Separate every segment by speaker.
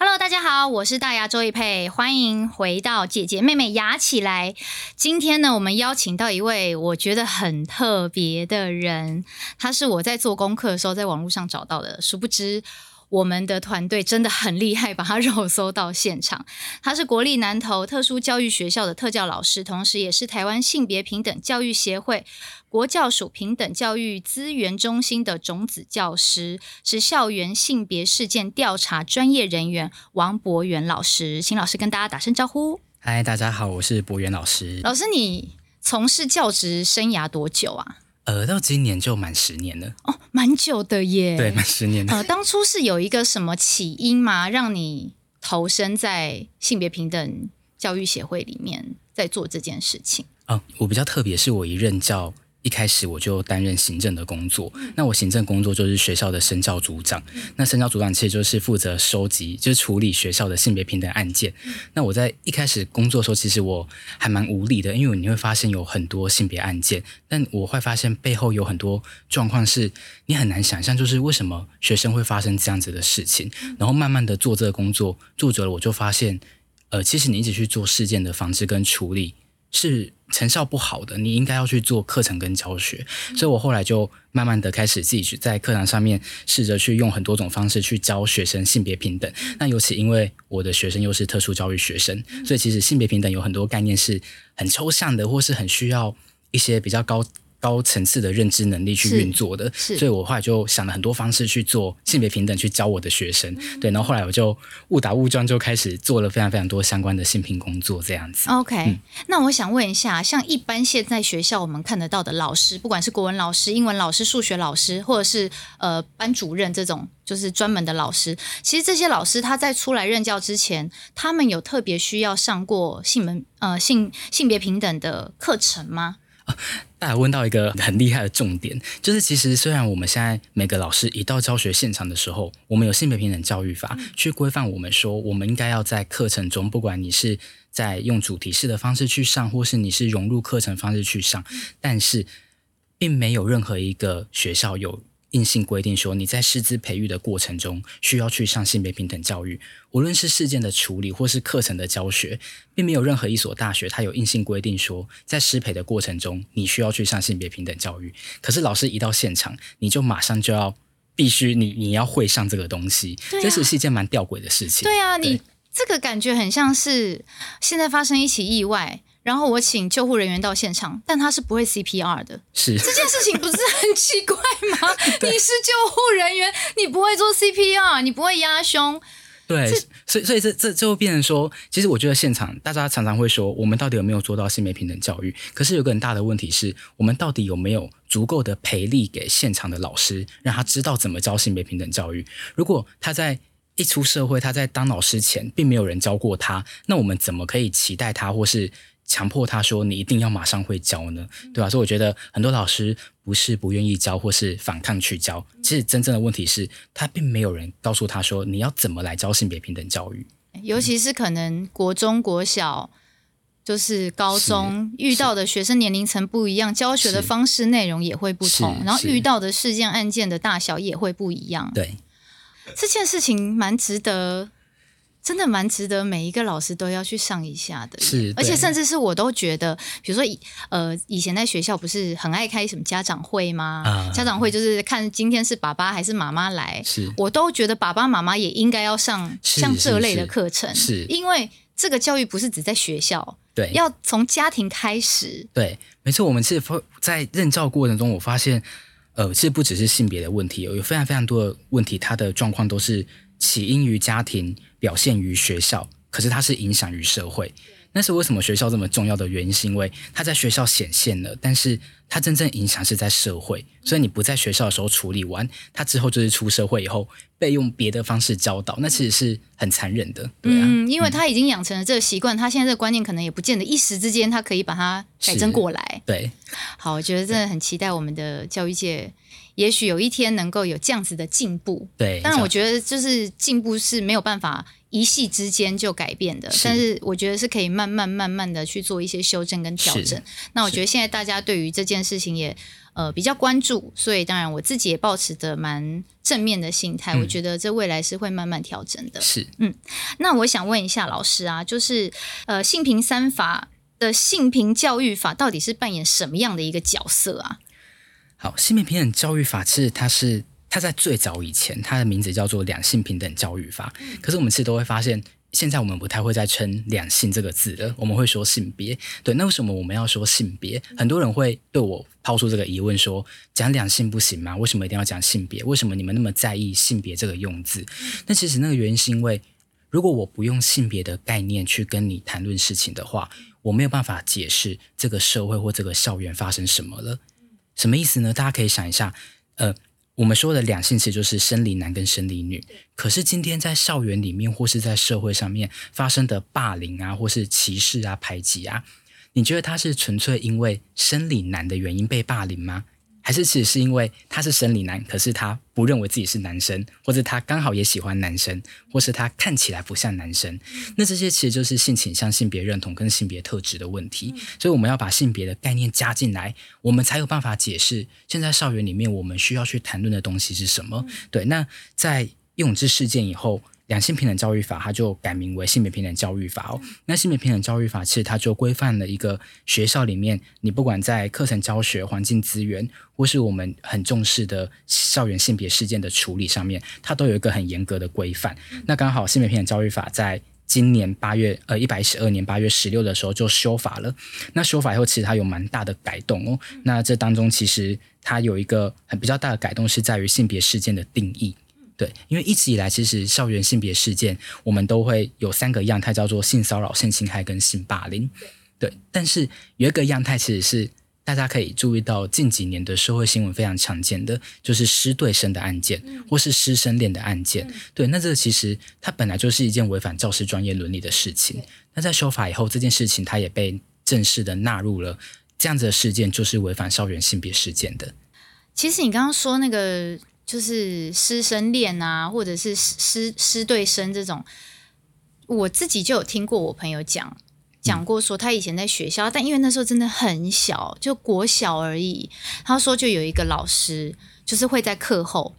Speaker 1: Hello，大家好，我是大牙周宜霈，歡迎回到姐姐妹妹牙起來。今天呢，我們邀請到一位我覺得很特別的人，他是我在做功課的時候在網絡上找到的，殊不知。我們的團隊真的很厲害，把他肉搜到現場。他是國立南投特殊教育學校的特教老師，同時也是台灣性別平等教育協會國教署平等教育資源中心的種子教師，是校園性別事件調查專業人員王柏元老師，請老師跟大家打聲招呼。
Speaker 2: 嗨，大家好，我是柏元老師。
Speaker 1: 老師，你從事教職生涯多久啊？
Speaker 2: 呃，到今年就滿十年
Speaker 1: 了哦，蠻久的耶。對，滿十年的。呃，當初是有一個什麼起因嗎？讓你投身在性別平等教育協會裡面，在做這件事情
Speaker 2: 啊？哦？我比較特別，是我一任教。一開始我就擔任行政的工作、嗯，那我行政工作就是學校的生教組長。嗯、那生教組長其實就是負責收集，就是處理學校的性別平等案件、嗯。那我在一開始工作的時候，其實我還蠻無力的，因為你會發現有很多性別案件，但我會發現背後有很多狀況是你很難想象就是為什麼學生會發生這樣子的事情。嗯、然後慢慢地做這個工作，做久了我就發現，呃，其實你一直去做事件的防治跟處理是。成效不好的，你應該要去做課程跟教學。嗯、所以我後來就慢慢的開始自己去在課堂上面試着去用很多種方式去教學生性別平等。那尤其因為我的學生又是特殊教育學生，嗯、所以其實性別平等有很多概念是很抽象的，或是很需要一些比較高，高層次的認知能力去運作的，所以，我後來就想了很多方式去做性別平等，去教我的學生，嗯。對，然後後來我就誤打誤撞就開始做了非常非常多相關的性平工作，這樣子。
Speaker 1: OK，嗯，那我想問一下，像一般現在學校我們看得到的老師，不管是國文老師、英文老師、數學老師，或者是呃班主任這種，就是專門的老師，其實這些老師他在出來任教之前，他們有特別需要上過性門呃性性別平等的課程嗎？啊
Speaker 2: 大家問到一個很厲害的重點，就是其實雖然我們現在每個老師一到教學現場的時候，我們有性別平等教育法去規範我們說，我們應該要在課程中，不管你是在用主題式的方式去上，或是你是融入課程方式去上，但是並沒有任何一個學校有。硬性規定說，你在師資培育的過程中需要去上性別平等教育，無論是事件的處理或是課程的教學，並沒有任何一所大學它有硬性規定說，在師培的過程中你需要去上性別平等教育。可是老師一到現場，你就馬上就要必須你你要會上這個東西，啊、這是一件蠻吊詭的事
Speaker 1: 情。對啊對，你這個感覺很像是現在發生一起意外。然後我請救護人員到現場，但他是不會 CPR 的，是這件事情不是很奇怪嗎？ 你是救護人員，你不會做 CPR，你不會壓胸，對，
Speaker 2: 所以所以這這就變成說，其實我覺得現場大家常常會說，我們到底有沒有做到性別平等教育？可是有個很大的問題是，我們到底有沒有足夠的培力給現場的老師，讓他知道怎麼教性別平等教育？如果他在一出社會，他在當老師前，並沒有人教過他，那我們怎麼可以期待他或是？強迫他說，你一定要馬上會教呢？對吧、啊？所以我覺得很多老師不是不願意教或是反抗去教，其實真正的問題是他並沒有人告訴他說，你要怎麼來教性別平等教育，
Speaker 1: 尤其是可能國中、嗯、國小就是高中是是遇到的學生年齡層不一樣，教學的方式內容也會不同，然後遇到的事件案件的大小也會不一樣。對，這件事情蠻值得。真的蠻值得每一個老師都要去上一下的，是，而且甚至是我都覺得，比如說，呃，以前在學校不是很愛開什麼家長會嗎？啊，家長會就是看今天是爸爸還是媽媽來，是，我都覺得爸爸媽媽也應該要上像這類的課程，是，是是是因為這個教育不是只在學校，對，要從家庭開始，
Speaker 2: 對，沒錯，我們是在任教過程中，我發現，呃，這不只是性別的問題，有非常非常多的問題，它的狀況都是起因於家庭。表現於學校，可是它是影響於社會。那是為什麼學校這麼重要的原因，是因為它在學校顯現了，但是它真正影響是在社會。所以你不在學校的時候處理完，他之後就是出社會以後被用別的方式教導，那其實是很殘忍的。
Speaker 1: 對啊，嗯，因為他已經養成了這個習慣，他現在這個觀念可能也不見得一時之間他可以把它改正過來。對，好，我覺得真的很期待我們的教育界。也許有一天能夠有這樣子的進步，對。但是我覺得就是進步是沒有辦法一夕之間就改變的，但是我覺得是可以慢慢慢慢的去做一些修正跟調整。那我覺得現在大家對於這件事情也呃比較關注，所以當然我自己也抱持着蠻正面的心態、嗯，我覺得這未來是會慢慢調整的。是，嗯。那我想問一下老師啊，就是呃性平三法的性平教育法到底是扮演什麼樣的一個角色啊？
Speaker 2: 好，性別平等教育法其實它是它在最早以前，它的名字叫做兩性平等教育法。可是我們其實都會發現，現在我們不太會再稱兩性這個字了。我們會說性別。對，那為什麼我們要說性別？很多人會對我拋出這個疑問說，講兩性不行嗎？為什麼一定要講性別？為什麼你們那麼在意性別這個用字？那其實那個原因是，因為如果我不用性別的概念去跟你談論事情的話，我沒有辦法解釋這個社會或這個校園發生什麼了。什麼意思呢？大家可以想一下，呃，我們說的兩性其實就是生理男跟生理女。可是今天在校園裡面或是在社會上面發生的霸凌啊，或是歧視啊、排擠啊，你覺得他是純粹因為生理男的原因被霸凌嗎？還是只是因為他是生理男，可是他不認為自己是男生，或者他剛好也喜歡男生，或是他看起來不像男生。那這些其實就是性傾向、性別認同跟性別特質的問題。所以我們要把性別的概念加進來，我們才有辦法解釋現在校園裡面我們需要去談論的東西是什麼。對，那在游泳池事件以後。兩性平等教育法，它就改名為性別平等教育法哦。那性別平等教育法，其實它就規範了一個學校裡面，你不管在課程教學、環境資源，或是我們很重視的校園性別事件的處理上面，它都有一個很嚴格的規範。那剛好性別平等教育法在今年八月，呃，一百一十二年八月十六的時候就修法了。那修法以後，其實它有蠻大的改動哦。那這當中，其實它有一個很比較大的改動，是在於性別事件的定義。對，因為一直以來，其實校園性別事件，我們都會有三個樣態，叫做性騷擾、性侵害跟性霸凌。對，對。但是有一個樣態，其實是大家可以注意到近幾年的社會新聞非常常見的，就是師對生的案件，嗯、或是師生戀的案件、嗯。對，那這個其實它本來就是一件違反教師專業倫理的事情。那在修法以後，這件事情它也被正式的納入了。這樣子的事件就是違反校園性別事件的。
Speaker 1: 其實你剛剛說那個。就是師生戀啊，或者是師師對生這種，我自己就有聽過我朋友講講過，說他以前在學校、嗯，但因為那時候真的很小，就國小而已。他說就有一個老師，就是會在課後，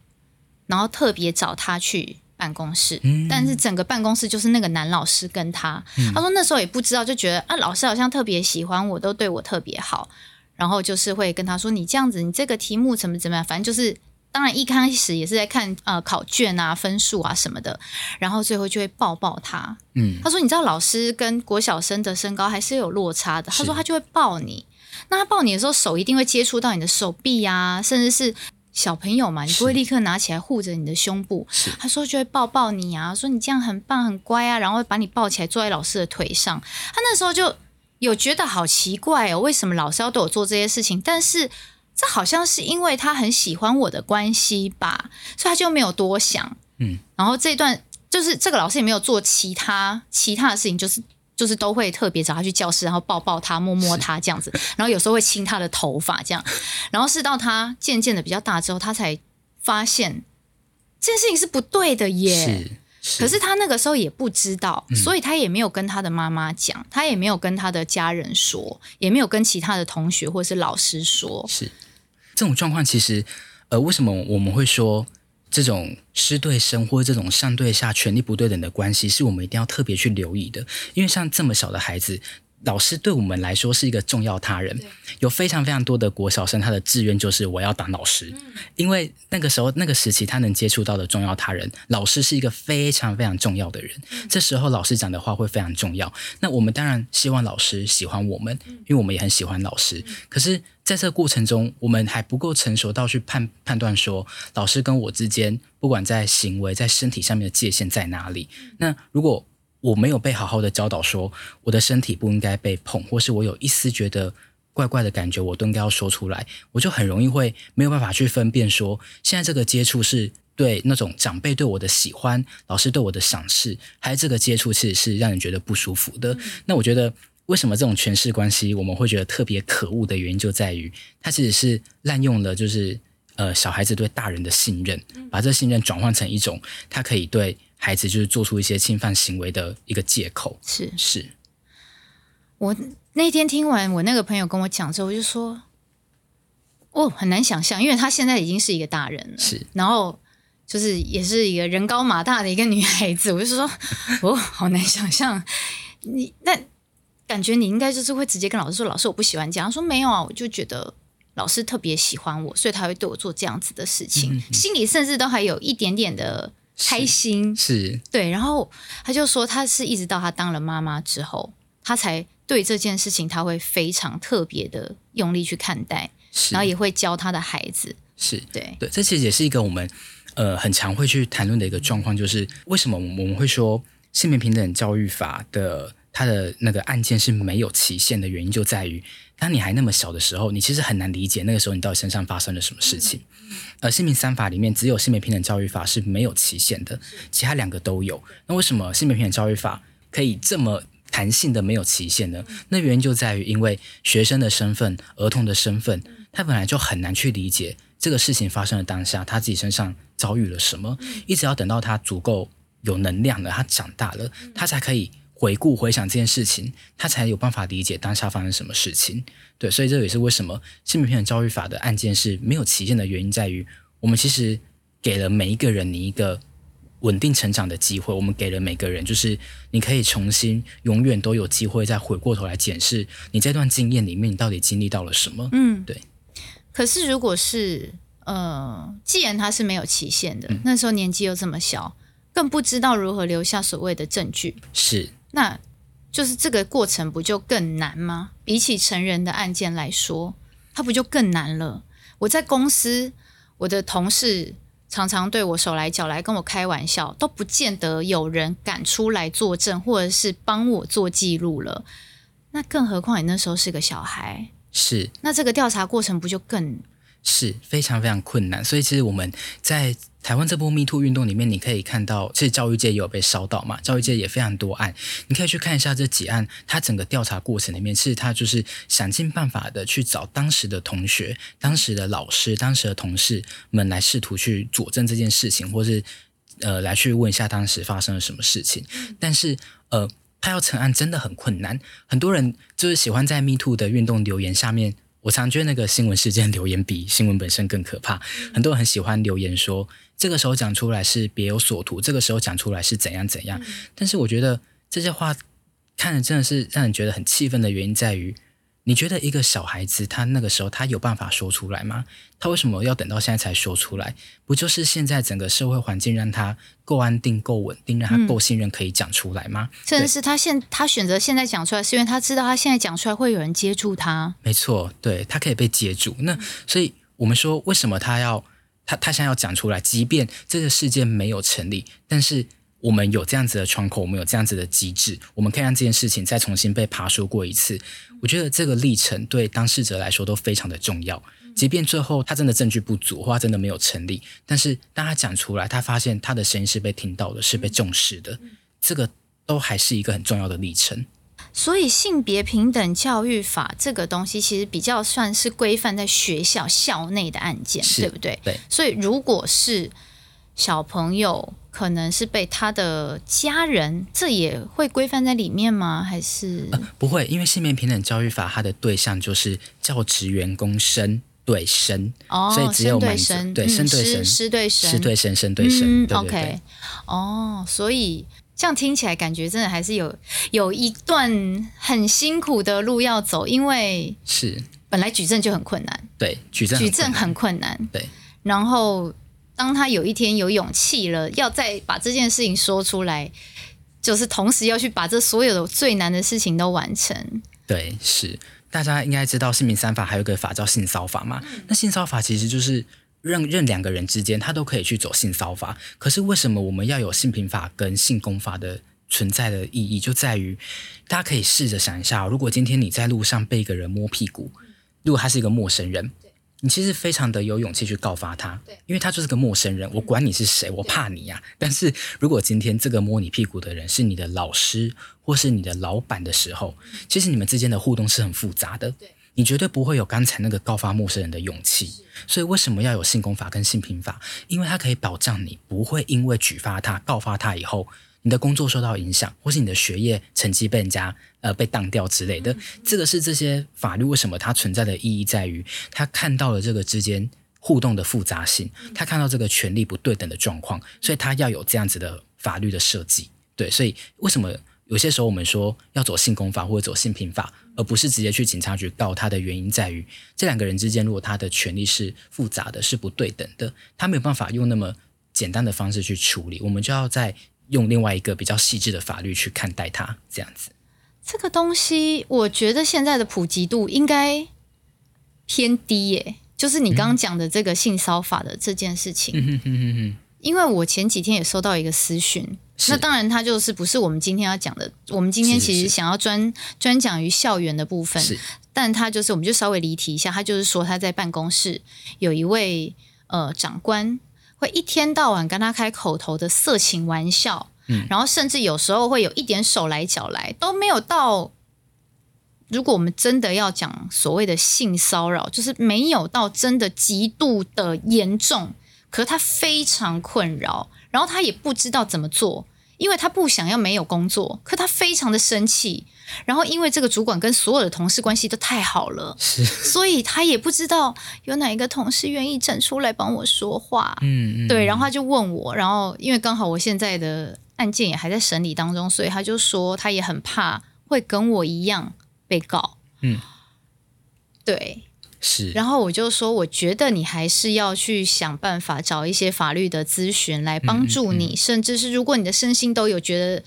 Speaker 1: 然後特別找他去辦公室，嗯嗯，但是整個辦公室就是那個男老師跟他。嗯、他說那時候也不知道，就覺得啊，老師好像特別喜歡我，都對我特別好，然後就是會跟他說你這樣子，你這個題目怎麼怎麼樣，反正就是。當然一開始也是在看呃考卷啊，分數啊什麼的，然後最後就會抱抱他。嗯，他說你知道老師跟國小生的身高還是有落差的，他說他就會抱你。那他抱你的時候手一定會接觸到你的手臂呀、啊，甚至是小朋友嘛，你不會立刻拿起來護着你的胸部。是，他說就會抱抱你啊，說你這樣很棒很乖啊，然後會把你抱起來坐在老師的腿上。他那時候就有覺得好奇怪哦，為什麼老師要對我做這些事情？但是。這好像是因為他很喜歡我的關係吧，所以他就沒有多想。嗯，然後這段就是這個老師也沒有做其他其他的事情，就是就是都會特別找他去教室，然後抱抱他，摸摸他這樣子，然後有時候會親他的頭髮這樣。然後是到他漸漸的比較大之後，他才發現這件事情是不對的耶。可是他那個時候也不知道。嗯，所以他也沒有跟他的媽媽講，他也沒有跟他的家人說，也沒有跟其他的同學或是老師說。是。
Speaker 2: 這種狀況其實，呃，為什麼我們會說這種師對生或者這種上對下權力不對等的關係，是我們一定要特別去留意的？因為像這麼小的孩子。老師對我們來說是一個重要他人，有非常非常多的國小生，他的志願就是我要當老師，因為那個時候那個時期他能接觸到的重要他人，老師是一個非常非常重要的人。這時候老師講的話會非常重要，那我們當然希望老師喜歡我們，因為我們也很喜歡老師。可是，在這個過程中，我們還不夠成熟到去判判斷說，老師跟我之間，不管在行為在身體上面的界限在哪裡，那如果。我沒有被好好的教導說，說我的身體不應該被碰，或是我有一絲覺得怪怪的感覺，我都應該要說出來。我就很容易會沒有辦法去分辨說，說現在這個接觸是對那種長輩對我的喜歡，老師對我的賞識，還是這個接觸其實是讓人覺得不舒服的。嗯。那我覺得，為什麼這種權勢關係我們會覺得特別可惡的原因，就在於它其實是濫用了，就是呃小孩子對大人的信任，把這信任轉換成一種他可以對。孩子就是做出一些侵犯行為的一個借口。是是，
Speaker 1: 我那天聽完我那個朋友跟我講之後，我就說，哦，很難想象，因為他現在已經是一個大人了。是，然後就是也是一個人高馬大的一個女孩子，是我就說，我、哦、好難想象 你那感覺，你應該就是會直接跟老師說，老師我不喜歡這樣。他說沒有啊，我就覺得老師特別喜歡我，所以他會對我做這樣子的事情，嗯嗯嗯，心裏甚至都還有一點點的。開心是，是對，然後他就說，他是一直到他當了媽媽之後，他才對這件事情他會非常特別的用力去看待。是然後也會教他的孩子。是對
Speaker 2: 對，這其實也是一個我們呃很常會去談論的一個狀況，就是為什麼我們會說性別平等教育法的它的那個案件是沒有期限的原因，就在於。當你還那麼小的時候，你其實很難理解那個時候你到底身上發生了什麼事情。而、呃、性平三法裡面只有性別平等教育法是沒有期限的，其他兩個都有。那為什麼性別平等教育法可以這麼彈性的沒有期限呢？那原因就在於，因為學生的身份、兒童的身份，他本來就很難去理解這個事情發生的當下他自己身上遭遇了什麼，一直要等到他足夠有能量了，他長大了，他才可以。回顧回想這件事情，他才有辦法理解當下發生什麼事情。對，所以這也是為什麼性別平等教育法的案件是沒有期限的原因，在於我們其實給了每一個人你一個穩定成長的機會，我們給了每個人，就是你可以重新，永遠都有機會再回過頭來檢視你這段經驗裡面，你到底經歷到了什麼。嗯，對。
Speaker 1: 可是如果是呃，既然他是沒有期限的，嗯，那時候年紀又這麼小，更不知道如何留下所謂的證據。是。那就是這個過程不就更難嗎？比起成人的案件來說，它不就更難了？我在公司，我的同事常常對我手來腳來跟我開玩笑，都不見得有人敢出來作證，或者是幫我做記錄了。那更何況你那時候是個小孩，
Speaker 2: 是。
Speaker 1: 那這個調查過程不就更？
Speaker 2: 是，非常非常困難？所以其實我們在。台灣這波 Me Too 運動裡面，你可以看到，其實教育界，也有被燒到嘛。教育界，也非常多案，你可以去看一下這幾案，它整個調查過程裡面，其實他就是想盡辦法的去找當時的同學、當時的老師、當時的同事們來試圖去佐證這件事情，或是呃來去問一下當時發生了什麼事情。但是呃，他要成案真的很困難。很多人就是喜歡在 Me Too 的運動留言下面，我常覺得那個新聞事件留言比新聞本身更可怕。很多人很喜歡留言說。這個時候講出來是別有所圖，這個時候講出來是怎樣怎樣。嗯、但是我覺得這些話看着真的是讓人覺得很氣憤的原因在於，你覺得一個小孩子他那個時候他有辦法說出來嗎？他為什麼要等到現在才說出來？不就是現在整個社會環境讓他夠安定、夠穩定，讓他夠信任可以講出來嗎？嗯、
Speaker 1: 真的是他現他選擇現在講出來，是因為他知道他現在講出來會有人接住他。
Speaker 2: 沒錯，對他可以被接住。那、嗯、所以我們說，為什麼他要？他他想要講出來，即便這個事件沒有成立，但是我們有這樣子的窗口，我們有這樣子的機制，我們可以讓這件事情再重新被爬梳過一次。我覺得這個歷程對當事者來說都非常的重要。即便最後他真的證據不足，或他真的沒有成立，但是當他講出來，他發現他的聲音是被聽到的，是被重視的，這個都還是一個很重要的歷程。
Speaker 1: 所以，性別平等教育法這個東西其實比較算是規範在學校校內的案件，對不對？對。所以，如果是小朋友可能是被他的家人，這也會規範在裡面嗎？還是、呃、
Speaker 2: 不會？因為性別平等教育法它的對象就是教職員工生對生、哦，所以只有生對生、嗯嗯嗯嗯，對，生對生，師對生，對生生對生，OK。
Speaker 1: 哦，所以。這樣聽起來，感覺真的還是有有一段很辛苦的路要走，因為是本來舉證就很困難，
Speaker 2: 對。舉證舉證
Speaker 1: 很困難，對。然後當他有一天有勇氣了，要再把這件事情說出來，就是同時要去把這所有的最難的事情都完成。
Speaker 2: 對，是大家應該知道性平三法還有個法叫性騷法嘛？嗯、那性騷法其實就是。任任兩個人之間，他都可以去走性騷法。可是為什麼我們要有性平法跟性工法的存在的意義？就在於大家可以試着想一下、哦：如果今天你在路上被一個人摸屁股，嗯、如果他是一個陌生人，你其實非常的有勇氣去告發他，因為他就是個陌生人，我管你是誰，我怕你呀、啊。但是如果今天這個摸你屁股的人是你的老師或是你的老闆的時候、嗯，其實你們之間的互動是很複雜的。你絕對不會有剛才那個告發陌生人的勇氣，所以為什麼要有性工法跟性平法？因為它可以保障你不會因為舉發他、告發他以後，你的工作受到影響，或是你的學業成績被人家呃被當掉之類的。這個是這些法律為什麼它存在的意義，在於他看到了這個之間互動的複雜性，他看到這個權力不對等的狀況，所以他要有這樣子的法律的設計。對，所以為什麼？有些時候我們說要走性工法或者走性平法，而不是直接去警察局告他的原因在於，這兩個人之間如果他的權力是複雜的、是不對等的，他沒有辦法用那麼簡單的方式去處理，我們就要再用另外一個比較細緻的法律去看待他。這樣子，
Speaker 1: 這個東西我覺得現在的普及度應該偏低耶，就是你剛剛講的這個性騷法的這件事情。嗯嗯哼哼哼哼因為我前幾天也收到一個私訊，那當然他就是不是我們今天要講的，我們今天其實想要專是是是專講於校園的部分，但他就是我們就稍微離題一下，他就是說他在辦公室有一位呃長官會一天到晚跟他開口頭的色情玩笑，嗯，然後甚至有時候會有一點手來腳來都沒有到，如果我們真的要講所謂的性騷擾，就是沒有到真的極度的嚴重。可他非常困擾，然後他也不知道怎麼做，因為他不想要沒有工作。可他非常的生氣，然後因為這個主管跟所有的同事關係都太好了，是，所以他也不知道有哪一個同事願意站出來幫我說話。嗯嗯，對。然後他就問我，然後因為剛好我現在的案件也還在審理當中，所以他就說他也很怕會跟我一樣被告。嗯，對。是，然後我就說，我覺得你還是要去想辦法找一些法律的諮詢來幫助你，嗯嗯嗯、甚至是如果你的身心都有覺得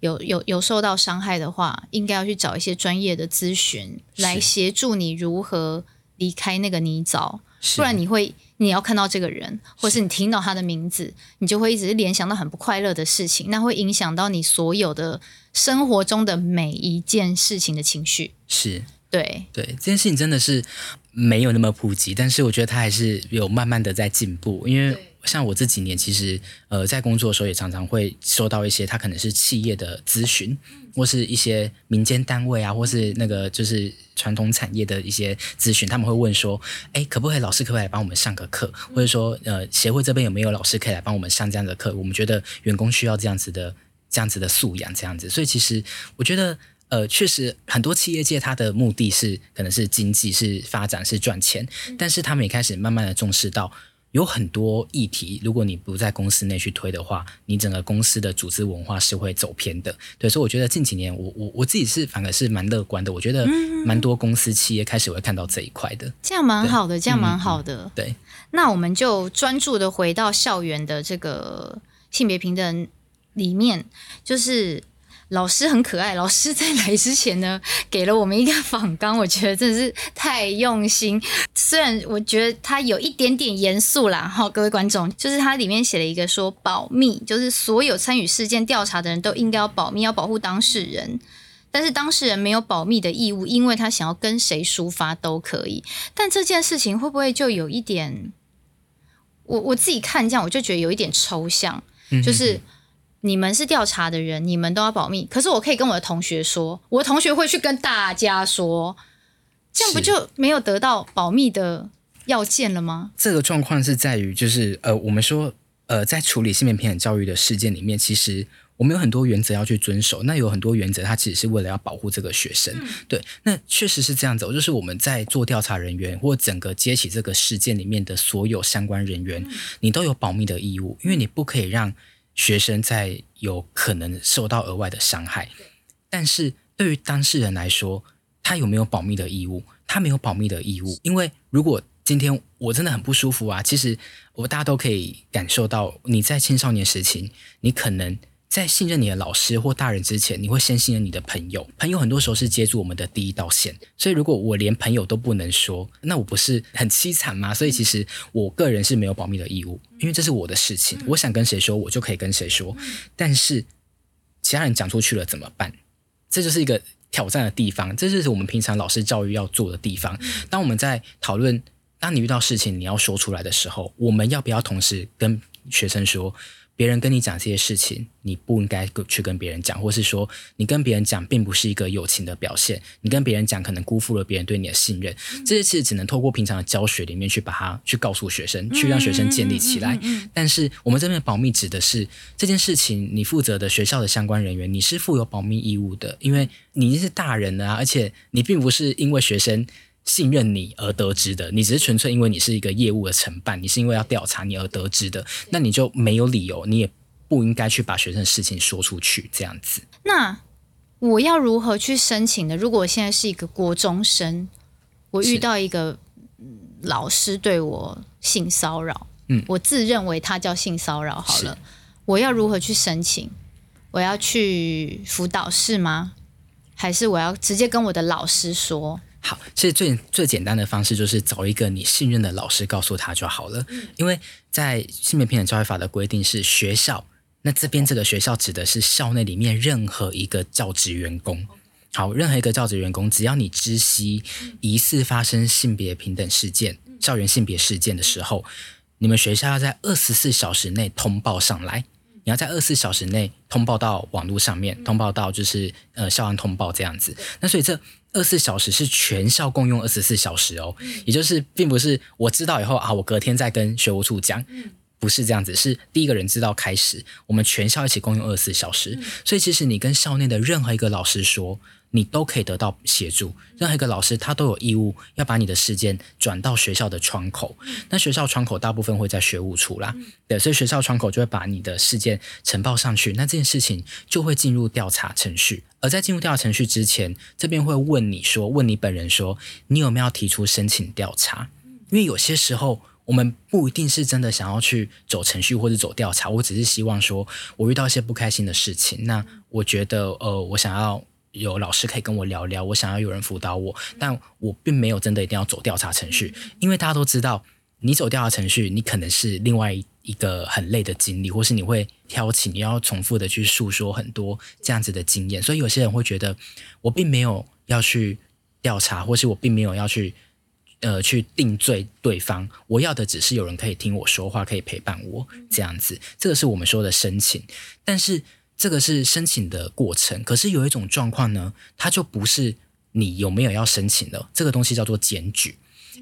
Speaker 1: 有有有受到傷害的話，應該要去找一些專業的諮詢來協助你如何離開那個泥沼，不然你會你要看到這個人，或是你聽到他的名字，你就會一直聯想到很不快樂的事情，那會影響到你所有的生活中的每一件事情的情緒。是對
Speaker 2: 對，這件事情真的是。沒有那麼普及，但是我覺得它還是有慢慢的在進步。因為像我這幾年，其實呃，在工作的時候也常常會收到一些，他可能是企業的諮詢，或是一些民間單位啊，或是那個就是傳統產業的一些諮詢，他們會問說，誒，可不可以老師可不可以來幫我們上個課？或者說，呃，協會這邊有沒有老師可以來幫我們上這樣的課？我們覺得員工需要這樣子的這樣子的素養，這樣子。所以其實我覺得。呃，確實，很多企業界它的目的是可能是經濟是發展是賺錢，嗯，但是他們也開始慢慢的重視到有很多議題，如果你不在公司內去推的話，你整個公司的組織文化是會走偏的。對，所以我覺得近幾年我，我我我自己是反而是蠻樂觀的。我覺得蠻多公司企業開始會看到這一塊的，嗯嗯嗯，
Speaker 1: 這樣蠻好的，這樣蠻好的，嗯嗯。對，那我們就專注的回到校園的這個性別平等裡面，就是。老師很可愛。老師在來之前呢，給了我們一個訪綱，我覺得真的是太用心。雖然我覺得他有一點點嚴肅啦，哈，各位觀眾，就是他裡面寫了一個說保密，就是所有參與事件調查的人都應該要保密，要保護當事人。但是當事人沒有保密的義務，因為他想要跟誰抒發都可以。但這件事情會不會就有一點？我我自己看這樣，我就覺得有一點抽象，就是。嗯你們是調查的人，你們都要保密。可是我可以跟我的同學說，我的同學會去跟大家說，這樣不就沒有得到保密的要件了嗎？
Speaker 2: 這個狀況是在於，就是呃，我們說呃，在處理性別平等教育的事件裡面，其實我們有很多原則要去遵守。那有很多原則，它其實是為了要保護這個學生。嗯、對，那確實是這樣子、哦。我就是我們在做調查人員，或整個接起這個事件裡面的所有相關人員，嗯、你都有保密的義務，因為你不可以讓。學生在有可能受到額外的傷害，但是對於當事人來說，他有沒有保密的義務？他沒有保密的義務，因為如果今天我真的很不舒服啊，其實我大家都可以感受到，你在青少年時期，你可能。在信任你的老師或大人之前，你會先信任你的朋友。朋友很多時候是接住我們的第一道線，所以如果我連朋友都不能說，那我不是很淒慘嗎？所以其實我個人是沒有保密的義務，因為這是我的事情，我想跟誰說，我就可以跟誰說。但是其他人講出去了怎麼辦？這就是一個挑戰的地方，這就是我們平常老師教育要做的地方。當我們在討論，當你遇到事情你要說出來的時候，我們要不要同時跟學生說？別人跟你講這些事情，你不應該去跟別人講，或是說你跟別人講，並不是一個友情的表現。你跟別人講，可能辜負了別人對你的信任。這些其實只能透過平常的教學裡面去把它去告訴學生，去讓學生建立起來。但是我們這邊保密指的是這件事情，你負責的學校的相關人員，你是負有保密義務的，因為你是大人了啊，而且你並不是因為學生。信任你而得知的，你只是純粹因為你是一個業務的承辦，你是因為要調查你而得知的，那你就沒有理由，你也不應該去把學生的事情說出去，這樣子。
Speaker 1: 那我要如何去申請呢？如果我現在是一個國中生，我遇到一個老師對我性騷擾，嗯，我自認為他叫性騷擾好了，我要如何去申請？我要去輔導室嗎？還是我要直接跟我的老師說？好，其實最
Speaker 2: 最簡單的方式就是找一個你信任的老師告訴他就好了。因為在性別平等教育法的規定是學校，那這邊這個學校指的是校內裡面任何一個教職員工。好，任何一個教職員工，只要你知悉疑似發生性別平等事件、校園性別事件的時候，你們學校要在二十四小時內通報上來。你要在二十四小時內通報到網絡上面，通報到就是呃校安通報這樣子。那所以這。二十四小時是全校共用二十四小時哦，也就是並不是我知道以後啊，我隔天再跟學務處講，不是這樣子，是第一個人知道開始，我們全校一起共用二十四小時，所以其實你跟校內的任何一個老師說。你都可以得到協助。任何一個老師，他都有義務要把你的事件轉到學校的窗口。那學校窗口大部分會在學務處啦，對，所以學校窗口就會把你的事件呈報上去。那這件事情就會進入調查程序。而在進入調查程序之前，這邊會問你說，問你本人說，你有沒有提出申請調查？因為有些時候我們不一定是真的想要去走程序或者走調查，我只是希望說，我遇到一些不開心的事情，那我覺得呃，我想要。有老師可以跟我聊聊，我想要有人輔導我，但我並沒有真的一定要走調查程序，因為大家都知道，你走調查程序，你可能是另外一個很累的經歷，或是你會挑起你要重複的去訴說很多這樣子的經驗，所以有些人會覺得，我並沒有要去調查，或是我並沒有要去，呃，去定罪對方，我要的只是有人可以聽我說話，可以陪伴我這樣子，這個是我們說的申請，但是。這個是申請的過程，可是有一種狀況呢，它就不是你有沒有要申請的，這個東西叫做檢舉，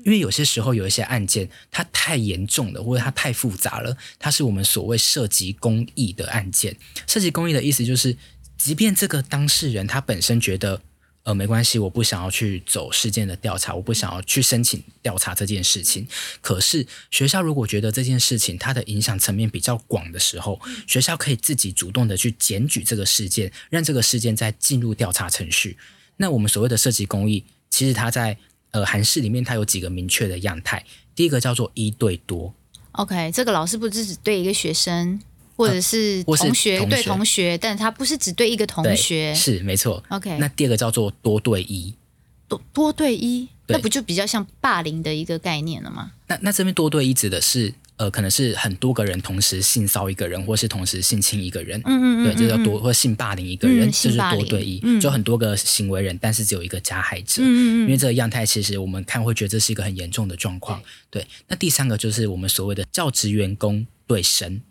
Speaker 2: 因為有些時候有一些案件它太嚴重了，或者它太複雜了，它是我們所謂涉及公益的案件。涉及公益的意思就是，即便這個當事人他本身覺得。呃，沒關係，我不想要去走事件的調查，我不想要去申請調查這件事情。可是學校如果覺得這件事情它的影響層面比較廣的時候，嗯，學校可以自己主動的去檢舉這個事件，讓這個事件再進入調查程序。那我們所謂的涉及公益，其實它在呃函釋裡面它有幾個明確的樣態。第一個叫做一對多
Speaker 1: ，OK，這個老師不是只對一個學生。或者是同學對同學,、啊、同學，但他不是只對一個同學，是
Speaker 2: 沒錯。OK，那第二個叫做多對一，
Speaker 1: 多多對一對，那不就比較像霸凌的一個概念了嗎？
Speaker 2: 那那這邊多對一指的是，呃，可能是很多個人同時性騷一個人，或是同時性侵一個人。嗯嗯,嗯,嗯,嗯，對，這叫多或性霸凌一個人嗯嗯，就是多對一，就很多個行為人，但是只有一個加害者。嗯嗯,嗯,嗯，因為這個樣態其實我們看會覺得這是一個很嚴重的狀況。對，那第三個就是我們所謂的教職員工對神。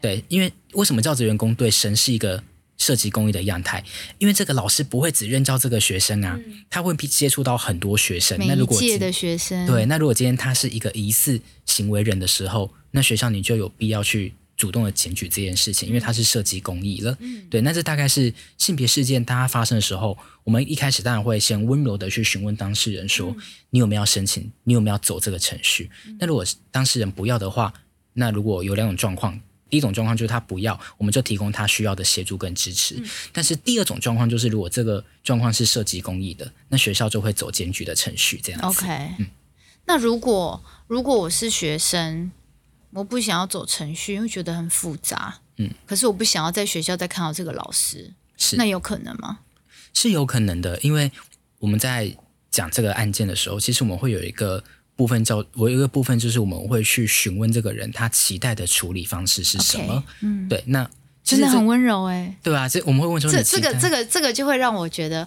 Speaker 2: 對，因為為什麼教職員工對神是一個涉及公益的樣態？因為這個老師不會只任教這個學生啊，嗯、他會接觸到很多學生。每屆的
Speaker 1: 學生。對，那
Speaker 2: 如果今天他是一個疑似行為人的時候，那學校你就有必要去主動的檢舉這件事情，嗯、因為他是涉及公益了、嗯。對，那這大概是性別事件它發生的時候，我們一開始當然會先溫柔的去詢問當事人說，嗯、你有沒有申請？你有沒有走這個程序、嗯？那如果當事人不要的話，那如果有兩種狀況。第一種狀況就是他不要，我們就提供他需要的協助跟支持。嗯。但是第二種狀況就是，如果這個狀況是涉及公益的，那學校就會走檢舉的程序這樣子。OK，
Speaker 1: 嗯。那如果如果我是學生，我不想要走程序，因為覺得很複雜。嗯。可是我不想要在學校再看到這個老師，是那有可能嗎？
Speaker 2: 是有可能的，因為我們在講這個案件的時候，其實我們會有一個。部分叫我有一個部分就是我們會去詢問這個人他期待的處理方式是什麼，Okay, 嗯，對，那
Speaker 1: 真的很溫柔哎、
Speaker 2: 欸，對吧、啊？這我們會問說這這個這個
Speaker 1: 這個就會讓我覺得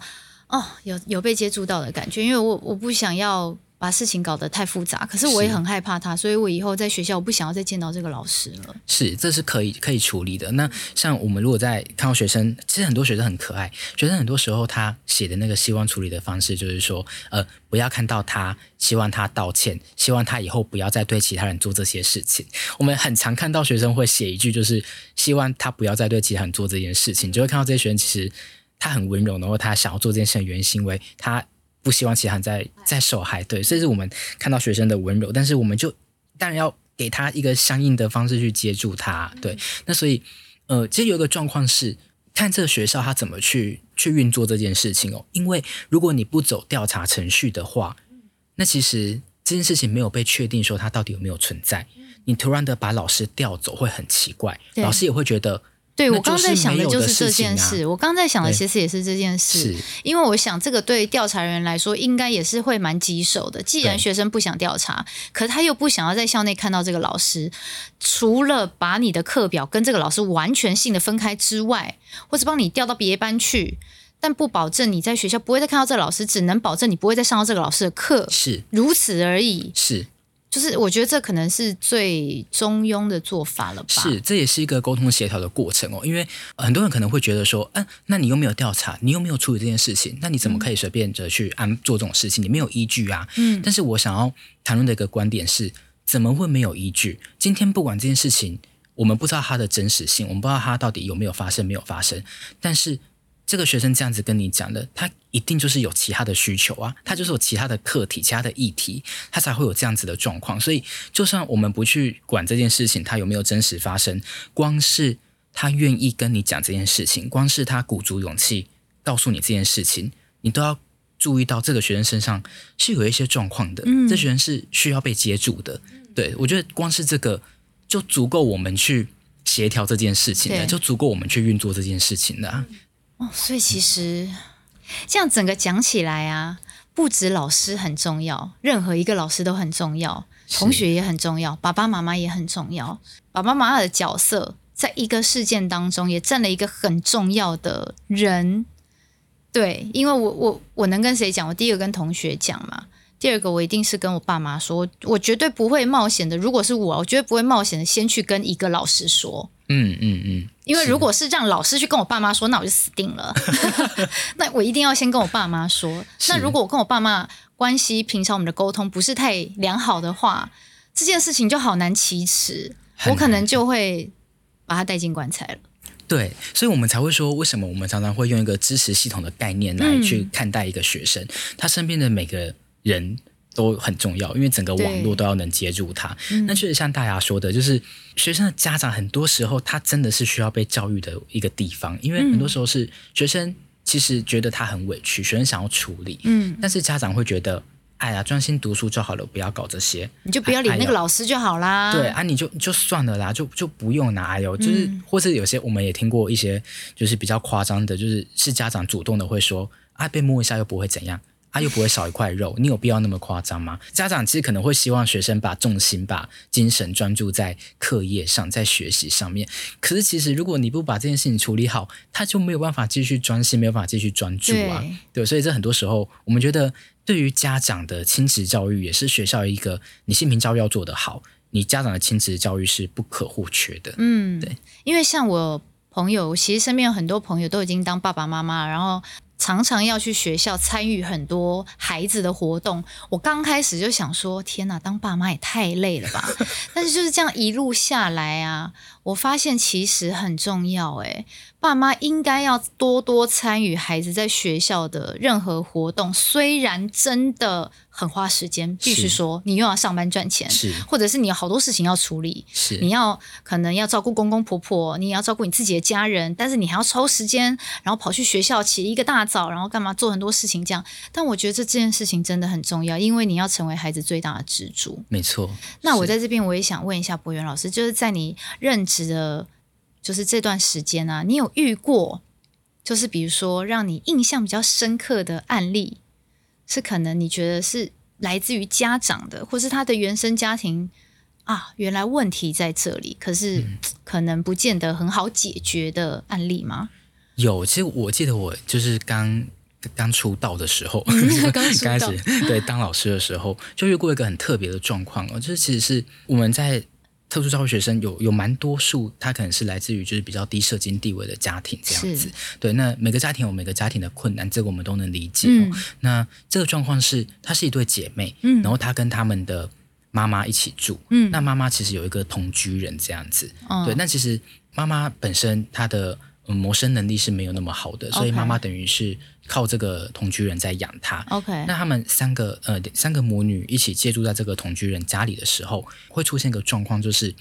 Speaker 1: 哦，有有被接觸到的感覺，因為我我不想要。把事情搞得太複雜，可是我也很害怕他，所以我以後在學校我不想要再見到這個老師了。
Speaker 2: 是，這是可以可以處理的。那像我們如果在看到學生，其實很多學生很可愛。學生很多時候他寫的那個希望處理的方式，就是說，呃，不要看到他，希望他道歉，希望他以後不要再對其他人做這些事情。我們很常看到學生會寫一句，就是希望他不要再對其他人做這件事情。就會看到這些學生其實他很溫柔，然後他想要做這件事的原因是因為他。不希望其他人再再受害，對，所以是我們看到學生的溫柔，但是我們就當然要給他一個相應的方式去接住他。對、嗯。那所以，呃，其實有一個狀況是看這個學校他怎麼去去運作這件事情哦，因為如果你不走調查程序的話，嗯、那其實這件事情沒有被確定說他到底有沒有存在、嗯，你突然的把老師調走會很奇怪，老師也會覺得。
Speaker 1: 對，我剛剛在想的就是這件事，事啊，我剛在想的其實也是這件事，因為我想這個對調查人員來說應該也是會蠻棘手的。既然學生不想調查，可是他又不想要在校內看到這個老師，除了把你的課表跟這個老師完全性的分開之外，或是幫你調到別班去，但不保證你在學校不會再看到這個老師，只能保證你不會再上到這個老師的課，是如此而已，是。就是我覺得這可能是最中庸的做法了吧？是，
Speaker 2: 這也是一個溝通協調的過程哦。因為很多人可能會覺得說，嗯、啊，那你又沒有調查，你又沒有處理這件事情，那你怎麼可以隨便着去安做這種事情？你沒有依據啊。嗯。但是我想要談論的一個觀點是，怎麼會沒有依據？今天不管這件事情，我們不知道它的真實性，我們不知道它到底有沒有發生，沒有發生，但是。這個學生這樣子跟你講的，他一定就是有其他的需求啊，他就是有其他的課題、其他的議題，他才會有這樣子的狀況。所以，就算我們不去管這件事情，他有沒有真實發生，光是他願意跟你講這件事情，光是他鼓足勇氣告訴你這件事情，你都要注意到這個學生身上是有一些狀況的。嗯。這學生是需要被接住的。對，我覺得光是這個就足夠我們去協調這件事情了，對，就足夠我們去運作這件事情了。嗯。
Speaker 1: 所以其實這樣整個講起來啊，不止老師很重要，任何一個老師都很重要，同學也很重要，爸爸媽媽也很重要。爸爸媽媽的角色，在一個事件當中也佔了一個很重要的人。對，因為我我我能跟誰講？我第一個跟同學講嘛。第二個，我一定是跟我爸媽說，我絕對不會冒險的。如果是我，我絕對不會冒險的，先去跟一個老師說。
Speaker 2: 嗯嗯
Speaker 1: 嗯，因為如果是讓老師去跟我爸媽說，那我就死定了。 那我一定要先跟我爸媽說。那如果我跟我爸媽關係平常，我們的溝通不是太良好的話，這件事情就好難啟齒。我可能就會把他帶進棺材了。
Speaker 2: 對，所以我們才會說，為什麼我們常常會用一個支持系統的概念來去看待一個學生，嗯、他身邊的每個。人都很重要，因為整個網絡都要能接住他。嗯、那確實像大牙說的，就是學生的家長很多時候他真的是需要被教育的一個地方，因為很多時候是學生其實覺得他很委屈，學生想要處理，嗯，但是家長會覺得，哎呀，專心讀書就好了，不要搞這些，你
Speaker 1: 就不要理那個老師就好啦。哎、對啊，
Speaker 2: 你就就算了啦，就就不用拿、啊、有、哎，就是、嗯、或者有些我們也聽過一些，就是比較誇張的，就是是家長主動的會說，啊，被摸一下又不會怎樣。他、啊、又不會少一塊肉，你有必要那麼誇張嗎？家長其實可能會希望學生把重心，把精神專注在課業上，在學習上面。可是其實，如果你不把這件事情處理好，他就沒有辦法繼續專心，沒有辦法繼續專注啊。對，對，所以這很多時候，我們覺得對於家長的親職教育，也是學校一個你性平教育要做得好，你家長的親職教育是不可或缺的。嗯，
Speaker 1: 對，因為像我朋友，其實身邊有很多朋友都已經當爸爸媽媽了，然後，常常要去學校參與很多孩子的活動，我剛開始就想說：天哪、啊，當爸媽也太累了吧！ 但是就是這樣一路下來啊，我發現其實很重要、欸，哎。爸媽應該要多多參與孩子在學校的任何活動，雖然真的很花時間。必須說，你又要上班賺錢，是，或者是你有好多事情要處理，是，你要可能要照顧公公婆婆，你也要照顧你自己的家人，但是你還要抽時間，然後跑去學校起一個大早，然後幹嘛做很多事情這樣。但我覺得這件事情真的很重要，因為你要成為孩子最大的支柱。沒錯。那我在這邊我也想問一下柏元老師，就是在你任職的。就是這段時間啊，你有遇過，就是比如說讓你印象比較深刻的案例，是可能你覺得是來自於家長的，或是他的原生家庭啊，原來問題在這裡，可是可能不見得很好解決的案例嗎？
Speaker 2: 嗯，有，其實我記得我就是剛剛出道的時候， 剛出道。剛開始，對，當老師的時候，就遇過一個很特別的狀況哦，就是其實是我們在。特殊照顧學生有有蠻多數，他可能是來自於就是比較低社經地位的家庭這樣子。對，那每個家庭有每個家庭的困難，這個我們都能理解，喔嗯。那這個狀況是，她是一對姐妹，嗯，然後她跟他們的媽媽一起住。嗯，那媽媽其實有一個同居人這樣子。嗯、對，那其實媽媽本身她的。嗯，謀生能力是沒有那麼好的，okay. 所以媽媽等於是靠這個同居人在養他。OK，那他們三個呃三個母女一起借住在這個同居人家裡的時候，會出現一個狀況，就是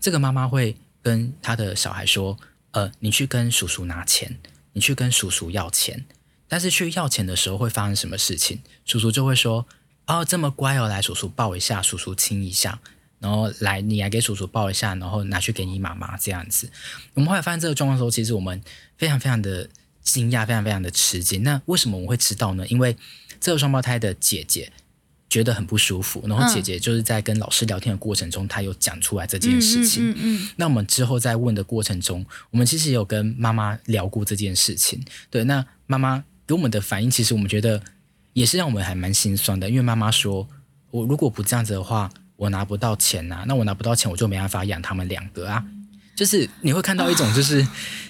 Speaker 2: 這個媽媽會跟她的小孩說，呃，你去跟叔叔拿錢，你去跟叔叔要錢。但是去要錢的時候會發生什麼事情？叔叔就會說，啊、哦，這麼乖哦，來，叔叔抱一下，叔叔親一下。然後來，你來給叔叔抱一下，然後拿去給你媽媽這樣子。我們後來發現這個狀況的時候，其實我們非常非常的驚訝，非常非常的吃驚。那為什麼我們會知道呢？因為這個雙胞胎的姐姐覺得很不舒服，然後姐姐就是在跟老師聊天的過程中，嗯、她有講出來這件事情。嗯嗯嗯嗯。那我們之後在問的過程中，我們其實也有跟媽媽聊過這件事情。對，那媽媽給我們的反應，其實我們覺得也是讓我們還蠻心酸的，因為媽媽說，我如果不這樣子的話，我拿不到錢吶、啊，那我拿不到錢，我就沒辦法養他們兩個啊。就是你會看到一種，就是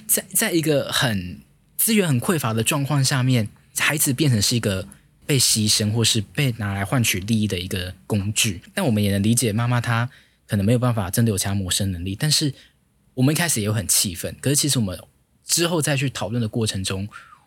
Speaker 2: 在在一個很資源很匱乏的狀況下面，孩子變成是一個被犧牲或是被拿來換取利益的一個工具。但我們也能理解媽媽她可能沒有辦法真的有其他謀生能力。但是我們一開始也有很氣憤，可是其實我們之後再去討論的過程中，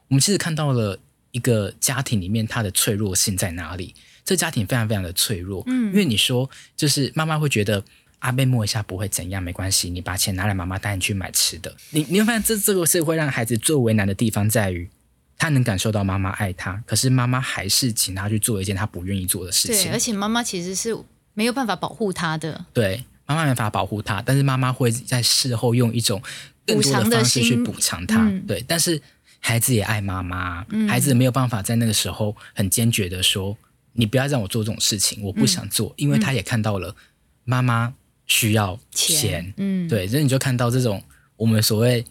Speaker 2: 我們其實看到了一個家庭裡面它的脆弱性在哪裡。這家庭非常非常的脆弱，嗯，因為你說就是媽媽會覺得阿伯、啊、摸一下不會怎樣，沒關係，你把錢拿來，媽媽帶你去買吃的。你你會發現，這這個是會讓孩子最為難的地方，在於他能感受到媽媽愛他，可是媽媽還是請他去做一件他不願意做的事情。對，而
Speaker 1: 且媽媽其實是沒有辦法保護他的，
Speaker 2: 對，媽媽沒法保護他，但是媽媽會在事後用一種更多補償的方式、嗯、去補償他。對，但是孩子也愛媽媽、啊嗯，孩子沒有辦法在那個時候很堅決的說。你不要讓我做這種事情，我不想做，嗯、因為他也看到了媽媽需要錢、錢，嗯，對，所以你就看到這種我們所謂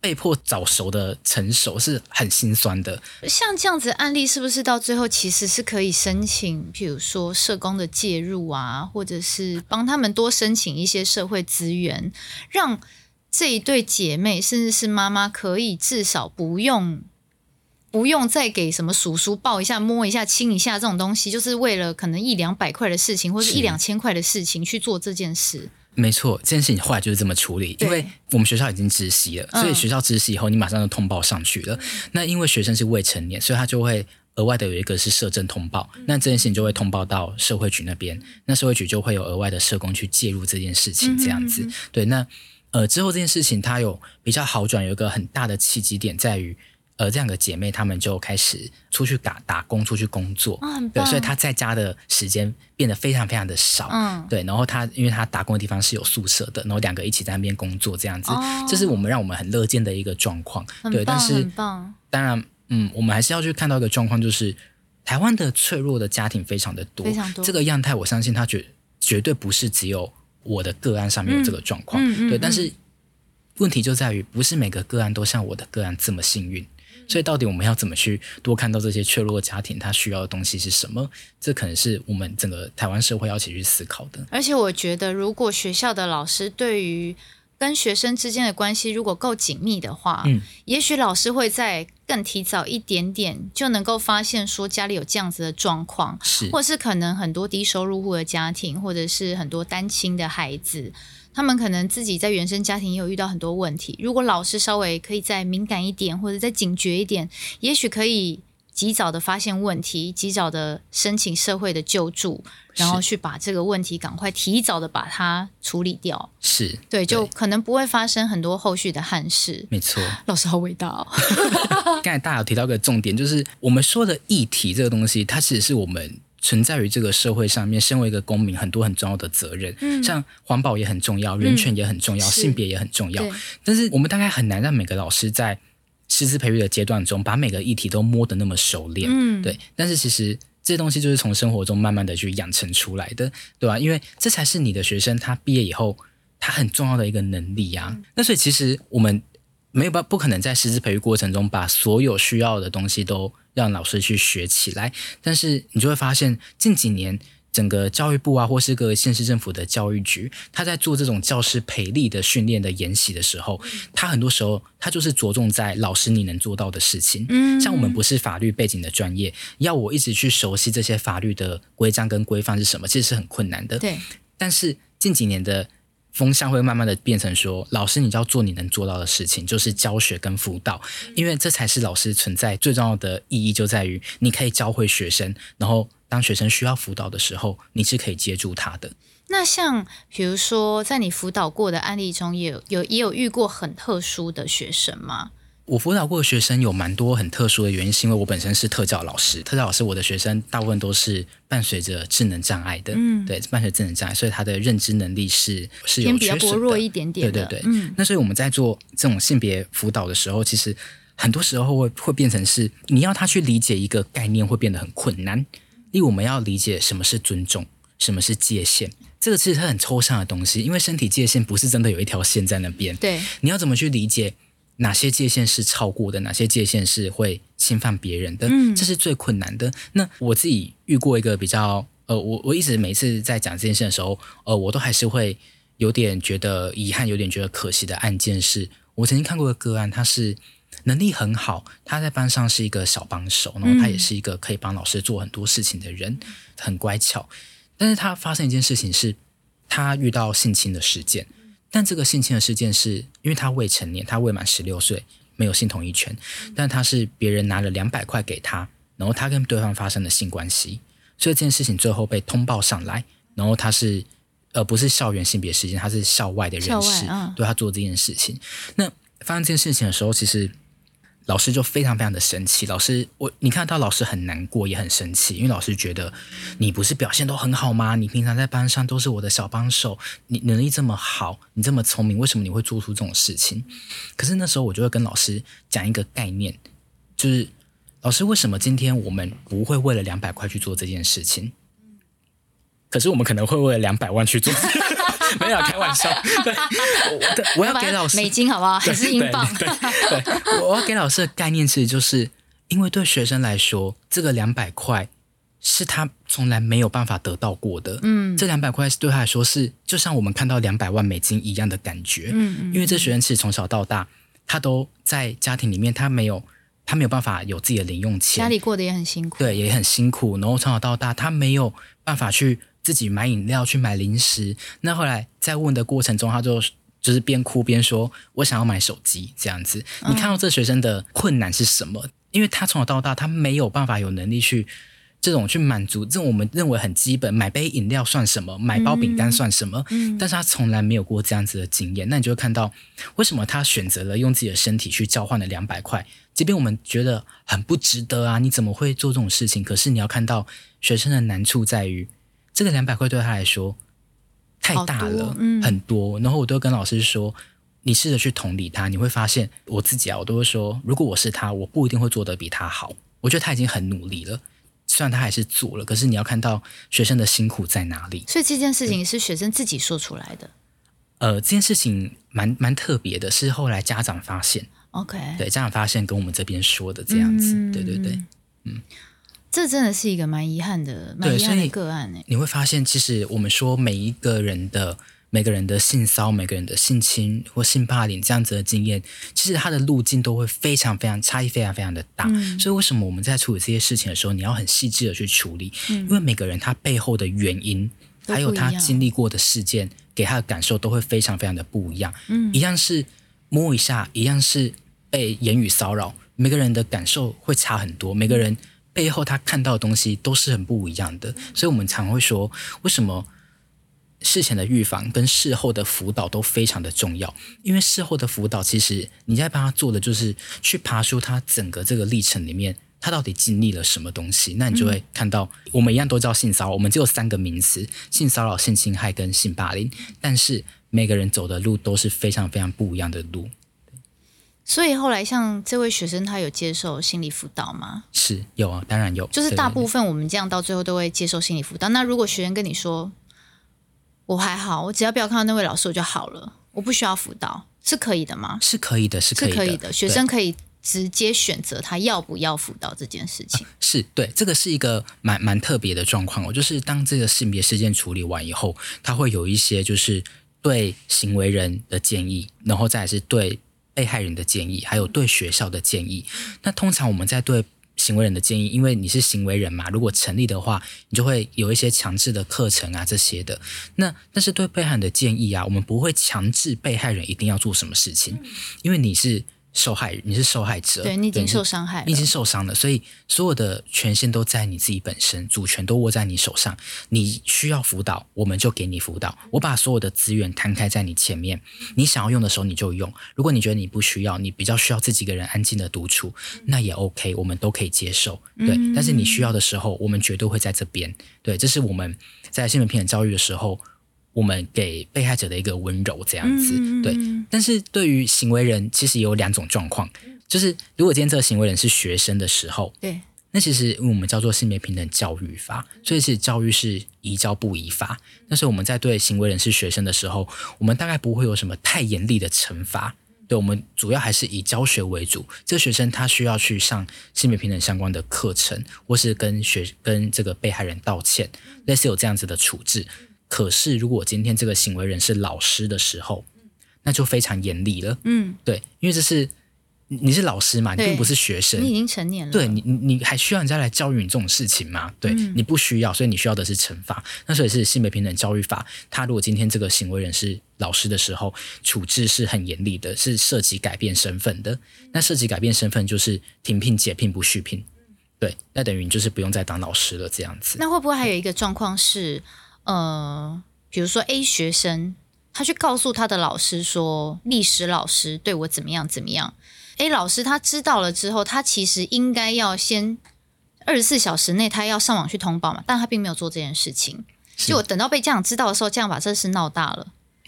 Speaker 2: 被迫早熟的成熟是很心酸的。
Speaker 1: 像這樣子案例，是不是到最後其實是可以申請，譬如說社工的介入啊，或者是幫他們多申請一些社會資源，讓這一對姐妹甚至是媽媽可以至少不用。不用再給什麼叔叔抱一下、摸一下、親一下這種東西，就是為了可能一兩百塊的事情，或者是一兩千塊的事情去做這件事。
Speaker 2: 沒錯，這件事情後來就是這麼處理，因為我們學校已經知悉了、嗯，所以學校知悉以後，你馬上就通報上去了、嗯。那因為學生是未成年，所以他就會額外的有一個是社政通報，嗯、那這件事情就會通報到社會局那邊，那社會局就會有額外的社工去介入這件事情，這樣子。嗯哼嗯哼對，那呃之後這件事情它有比較好轉，有一個很大的契機點在於。呃，這兩個姐妹她們就開始出去打打工，出去工作、哦，對，所以她在家的時間變得非常非常的少，嗯、對。然後她因為她打工的地方是有宿舍的，然後兩個一起在那邊工作這樣子，這、哦就是我們讓我們很樂見的一個狀況，對。但是，當然，嗯，我們還是要去看到一個狀況，就是台灣的脆弱的家庭非常的多，非常多。這個樣態，我相信它絕絕對不是只有我的個案上面有這個狀況、嗯嗯嗯嗯，對。但是問題就在於，不是每個個案都像我的個案這麼幸運。所以，到底我們要怎麼去多看到這些脆弱的家庭，他需要的東西是什麼？這可能是我們整個台灣社會要一起去思考的。
Speaker 1: 而且，我覺得如果學校的老師對於跟學生之間的關係如果夠緊密的話，嗯，也許老師會再更提早一點點就能夠發現說家裡有這樣子的狀況，是，或是可能很多低收入戶的家庭，或者是很多單親的孩子。他們可能自己在原生家庭也有遇到很多問題。如果老師稍微可以再敏感一點，或者再警覺一點，也許可以及早的發現問題，及早的申請社會的救助，然後去把這個問題趕快提早的把它處理掉。是對，就可能不會發生很多後續的憾事。沒錯，老師好偉大哦。 剛才
Speaker 2: 大家有提到個重點，就是我們說的議題這個東西，它其實是我們。存在於這個社會上面，身為一個公民，很多很重要的責任，嗯、像環保也很重要，人權也很重要，嗯、性別也很重要。但是我們大概很難讓每個老師在師資培育的階段中，把每個議題都摸得那麼熟練。嗯，對。但是其實這些東西就是從生活中慢慢的去養成出來的，對吧、啊？因為這才是你的學生他畢業以後他很重要的一個能力呀、啊嗯。那所以其實我們沒有辦法不可能在師資培育過程中把所有需要的東西都。讓老師去學起來，但是你就會發現，近幾年整個教育部啊，或是個縣市政府的教育局，他在做這種教師培力的訓練的研習的時候，他、嗯、很多時候他就是着重在老師你能做到的事情。嗯，像我們不是法律背景的專業，要我一直去熟悉這些法律的規章跟規範是什麼，其實是很困難的。對，但是近幾年的。風向會慢慢的變成說，老師，你就要做你能做到的事情，就是教學跟輔導，因為這才是老師存在最重要的意義，就在於你可以教會學生，然後當學生需要輔導的時候，你是可以接住他的。
Speaker 1: 那像比如說，在你輔導過的案例中，也有有也有遇過很特殊的學生嗎？
Speaker 2: 我輔導過的學生有蠻多很特殊的原因，是因為我本身是特教老師。特教老師，我的學生大部分都是伴隨着智能障礙的、嗯，對，伴隨智能障礙，所以他的認知能力是是有比較薄弱
Speaker 1: 一點點的，對對對、嗯。那
Speaker 2: 所以我們在做這種性別輔導的時候，其實很多時候會會變成是你要他去理解一個概念會變得很困難。因為我們要理解什麼是尊重，什麼是界限，這個其實是很抽象的東西，因為身體界限不是真的有一條線在那邊。對，你要怎麼去理解？哪些界限是超過的？哪些界限是會侵犯別人的？這是最困難的。嗯、那我自己遇過一個比較呃，我我一直每一次在講這件事的時候，呃，我都還是會有點覺得遺憾，有點覺得可惜的案件是，是我曾經看過的個個案。他是能力很好，他在班上是一個小幫手，然後他也是一個可以幫老師做很多事情的人，嗯、很乖巧。但是他發生一件事情是，他遇到性侵的事件。但這個性侵的事件是因為他未成年，他未滿十六歲，沒有性同意權。但他是別人拿了兩百塊給他，然後他跟對方發生了性關係。所以這件事情最後被通報上來，然後他是，呃，不是校園性別事件，他是校外的人士，啊、對他做這件事情。那發生這件事情的時候，其實。老師就非常非常的生氣，老師我你看到老師很難過也很生氣，因為老師覺得你不是表現都很好嗎？你平常在班上都是我的小幫手，你能力這麼好，你這麼聰明，為什麼你會做出這種事情？可是那時候我就會跟老師講一個概念，就是老師，為什麼今天我們不會為了兩百塊去做這件事情？可是我們可能會為了兩百萬去做。
Speaker 1: 沒有開玩笑，對， 我，對，要給老師美金好不好？還是英鎊。
Speaker 2: 對，對，對，對，對 我，我要給老師的概念其實就是，因為對學生來說，這個兩百塊是他從來沒有辦法得到過的。嗯，這兩百塊對他來說是，就像我們看到兩百萬美金一樣的感覺。嗯，因為這學生其實從小到大，他都在家庭裡面，他沒有，他沒有辦法有自己的零用錢。家裡
Speaker 1: 過得也很辛苦，對，
Speaker 2: 也很辛苦。然後從小到大，他沒有辦法去。自己買飲料去買零食，那後來在問的過程中，他就就是邊哭邊說：“我想要買手機，這樣子。嗯”你看到這學生的困難是什麼？因為他從小到大，他沒有辦法有能力去這種去滿足，這種我們認為很基本，買杯飲料算什麼，買包餅乾算什麼？嗯，但是他從來沒有過這樣子的經驗，嗯。那你就會看到為什麼他選擇了用自己的身體去交換了兩百塊？即便我們覺得很不值得啊，你怎麼會做這種事情？可是你要看到學生的難處在於。這個兩百塊對他來說太大了、嗯，很多。然後我都跟老師說，你試着去同理他，你會發現我自己啊，我都會說，如果我是他，我不一定會做得比他好。我覺得他已經很努力了，雖然他還是做了，可是你要看到學生的辛苦在哪裡？
Speaker 1: 所以這件事情是學生自己說出來的。呃，
Speaker 2: 這件事情蠻蠻特別的，是後來家長發現。
Speaker 1: OK，對，家
Speaker 2: 長發現，跟我們這邊說的這樣子，嗯，對對對，嗯。
Speaker 1: 這真的是一個蠻遺憾的、蠻遺憾的個案哎、
Speaker 2: 欸。你會發現，其實我們說每一個人的、每個人的性騷、每個人的性侵或性霸凌這樣子的經驗，其實它的路徑都會非常非常差異、非常非常的大。嗯、所以，為什麼我們在處理這些事情的時候，你要很細緻的去處理？嗯、因為每個人他背後的原因，還有他經歷過的事件，給他的感受都會非常非常的不一樣。嗯，一樣是摸一下，一樣是被言語騷擾，每個人的感受會差很多。每個人。背後他看到的東西都是很不一樣的，所以我們常會說，為什麼事前的預防跟事後的輔導都非常的重要？因為事後的輔導，其實你在幫他做的就是去爬出他整個這個歷程裡面，他到底經歷了什麼東西，那你就會看到，我們一樣都叫性騷擾，我們只有三個名詞：性騷擾、性侵害跟性霸凌，但是每個人走的路都是非常非常不一樣的路。
Speaker 1: 所以後來，像這位學生，他有接受心理輔導嗎？
Speaker 2: 是有啊，
Speaker 1: 當然有。就是大部分我們這樣到最後都會接受心理輔導。對對對，那如果學生跟你說，我還好，我只要不要看到那位老師，我就好了，我不需要輔導，是可以的嗎？是可以的，是可以的，是可以的。學生可以直接選擇他要不要輔導這件事情。對呃、
Speaker 2: 是對，這個是一個蠻蠻特別的狀況。哦，我就是當這個性別事件處理完以後，他會有一些就是對行為人的建議，然後再是對被害人的建議，還有對學校的建議。那通常我們在對行為人的建議，因為你是行為人嘛，如果成立的話，你就會有一些強制的課程啊這些的。那但是對被害人的建議啊，我們不會強制被害人一定要做什麼事情，因為你是。受害人，你是受害者，對，你已經受傷害了你，你已經受傷了，所以所有的權限都在你自己本身，主權都握在你手上。你需要輔導，我們就給你輔導。我把所有的資源攤開在你前面，你想要用的時候你就用。如果你覺得你不需要，你比較需要自己一個人安靜的獨處，那也 OK，我們都可以接受。對嗯嗯，但是你需要的時候，我們絕對會在這邊。對，這是我們在新聞片遭遇的時候。我們給被害者的一個溫柔這樣子，嗯、對。但是，對於行為人，其實有兩種狀況，就是如果今天這個行為人是學生的時候，對，那其實因為我們叫做性別平等教育法，所以是教育是宜教不宜罰。但是我們在對行為人是學生的時候，我們大概不會有什麼太嚴厲的懲罰，對，我們主要還是以教學為主。這個學生他需要去上性別平等相關的課程，或是跟學跟這個被害人道歉，類似有這樣子的處置。可是，如果今天這個行為人是老師的時候，那就非常嚴厲了。嗯，對，因為這是你，你是老師嘛，你並不是學生，你已經成年了。對你，你還需要人家來教育你這種事情嗎？對，你不需要，所以你需要的是懲罰。嗯、那所以是性別平等教育法，他如果今天這個行為人是老師的時候，處置是很嚴厲的，是涉及改變身份的。那涉及改變身份，就是停聘、解聘、不續聘。對，那等於你就是不用再當老師了，這樣子、嗯。那
Speaker 1: 會不會還有一個狀況是？呃，比如說 A 學生，他去告訴他的老師說，歷史老師對我怎麼樣怎麼樣。A 老師他知道了之後，他其實應該要先二十四小時內他要上網去通報嘛，但他並沒有做這件事情，就我等到被家長知道的時候，這樣把這事鬧大了。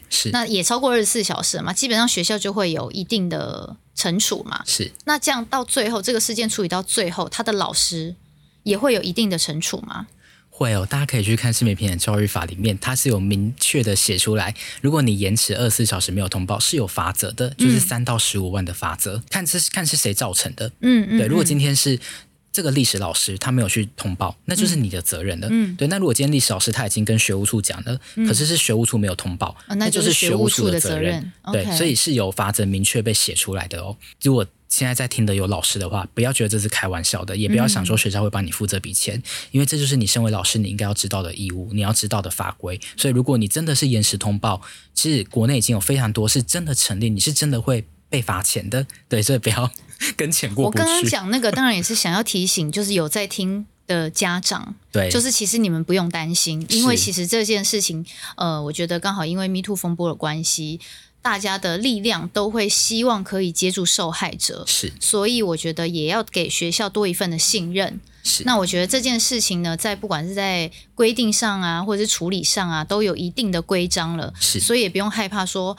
Speaker 1: 是，那也超過二十四小時了嘛，基本上學校就會有一定的懲處嘛。是，那這樣到最後這個事件處理到最後，他的老師也會有一定的懲處嗎？
Speaker 2: 會哦，大家可以去看《性別平等教育法》裡面，它是有明確的寫出來，如果你延遲二十四小時沒有通報，是有罰則的，嗯、就是三到十五萬的罰則，看是看是誰造成的。嗯嗯，嗯，對，如果今天是。這個歷史老師他沒有去通報，那就是你的責任了。嗯，對。那如果今天歷史老師他已經跟學務處講了，嗯，可是是學務處沒有通報，哦那哦，那就是學務處的責任。對，okay. 所以是有法則明確被寫出來的哦。如果現在在聽的有老師的話，不要覺得這是開玩笑的，也不要想說學校會幫你付這筆錢，嗯，因為這就是你身為老師你應該要知道的義務，你要知道的法規。所以如果你真的是延遲通報，其實國內已經有非常多是真的成立，你是真的會被罰錢的。對，所以不要。跟錢過不去。我剛剛講
Speaker 1: 那個，當然也是想要提醒，就是有在聽的家長， 對，就是其實你們不用擔心，因為其實這件事情，呃，我覺得剛好因為 MeToo 風波的關係，大家的力量都會希望可以接住受害者，是，所以我覺得也要給學校多一份的信任。是，那我覺得這件事情呢，在不管是在規定上啊，或者是處理上啊，都有一定的規章了，是，所以也不用害怕說。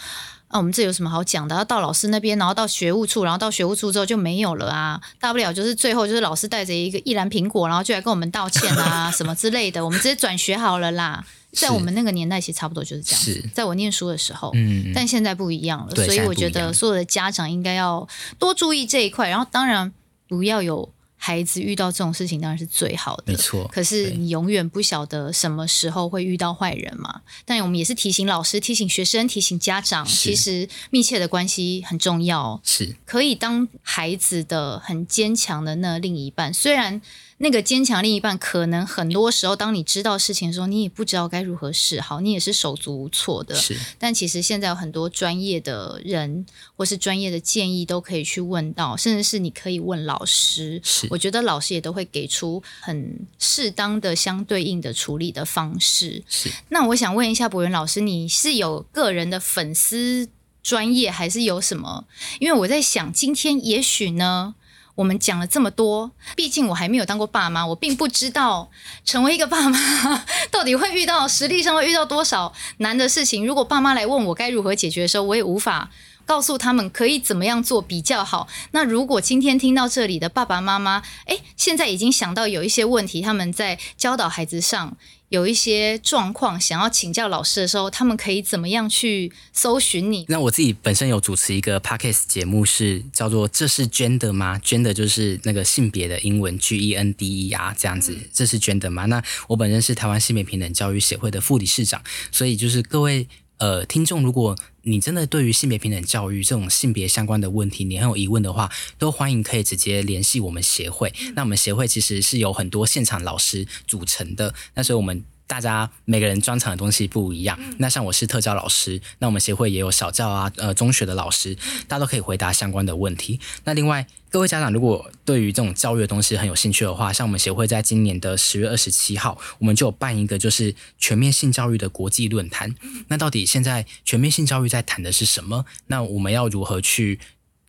Speaker 1: 啊我們這有什麼好講的？要到老師那邊，然後到學務處，然後到學務處之後就沒有了啊！大不了就是最後就是老師帶着一個一籃蘋果，然後就來跟我們道歉啊 什麼之類的。我們直接轉學好了啦。在我們那個年代，其實差不多就是這樣，是。在我唸書的時候，嗯，但現在不一樣了。對，所以我覺得所有的家長應該要多注意這一塊，然後當然不要有。孩子遇到這種事情當然是最好的，沒錯。可是你永遠不曉得什麼時候會遇到壞人嘛。但我們也是提醒老師、提醒學生、提醒家長，其實密切的關係很重要，是可以當孩子的很堅強的那另一半。雖然。那個堅強另一半，可能很多時候，當你知道事情的時候，你也不知道該如何是好，你也是手足無措的。是。但其實現在有很多專業的人，或是專業的建議都可以去問到，甚至是你可以問老師。是。我覺得老師也都會給出很適當的相對應的處理的方式。是。那我想問一下柏元老師，你是有個人的粉絲專業，還是有什麼？因為我在想，今天也許呢。我們講了這麼多，畢竟我還沒有當過爸媽，我並不知道成為一個爸媽到底會遇到實力上會遇到多少難的事情。如果爸媽來問我該如何解決的時候，我也無法告訴他們可以怎麼樣做比較好。那如果今天聽到這裡的爸爸媽媽，誒，現在已經想到有一些問題，他們在教導孩子上，有一些狀況想要請教老師的時候，他們可以怎麼樣去搜尋你？
Speaker 2: 那我自己本身有主持一個 Podcast 節目是，是叫做“這是 gender 嗎？”gender 就是那個性別的英文 G E N D E R 這樣子，“嗯、這是 gender 嗎？”那我本身是台灣性別平等教育協會的副理事長，所以就是各位。呃，聽眾，如果你真的對於性別平等教育這種性別相關的問題，你很有疑問的話，都歡迎可以直接聯繫我們協會。那我們協會其實是由很多現場老師組成的，那所以我們。大家每個人專長的東西不一樣。那像我是特教老師，那我們協會也有小教啊，呃，中學的老師，大家都可以回答相關的問題。那另外，各位家長如果對於這種教育的東西很有興趣的話，像我們協會在今年的十月二十七號，我們就辦一個就是全面性教育的國際論壇。那到底現在全面性教育在談的是什麼？那我們要如何去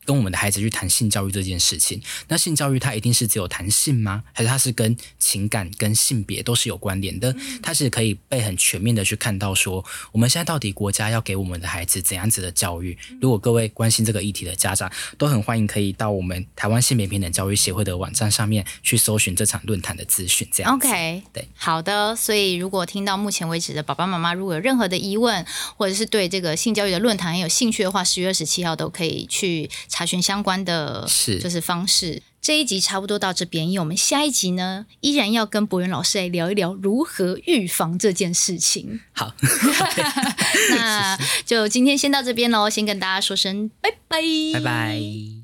Speaker 2: 跟我們的孩子去談性教育這件事情，那性教育它一定是只有談性嗎？還是它是跟情感跟性別都是有關聯的？它是可以被很全面的去看到說，我們現在到底國家要給我們的孩子怎樣子的教育？如果各位關心這個議題的家長，都很歡迎可以到我們台灣性別平等教育協會的網站上面去搜尋這場論壇的資訊。這樣
Speaker 1: 子 OK 對，好的。所以如果聽到目前為止的爸爸媽媽，如果有任何的疑問，或者是對這個性教育的論壇很有興趣的話，十月二十七號都可以去。查詢相關的，是就是方式是。這一集差不多到這邊，因為我們下一集呢，依然要跟柏元老師來聊一聊如何預防這件事情。好， 對 那是是就今天先到這邊嘍，先跟大家說聲拜拜，
Speaker 2: 拜拜。Bye bye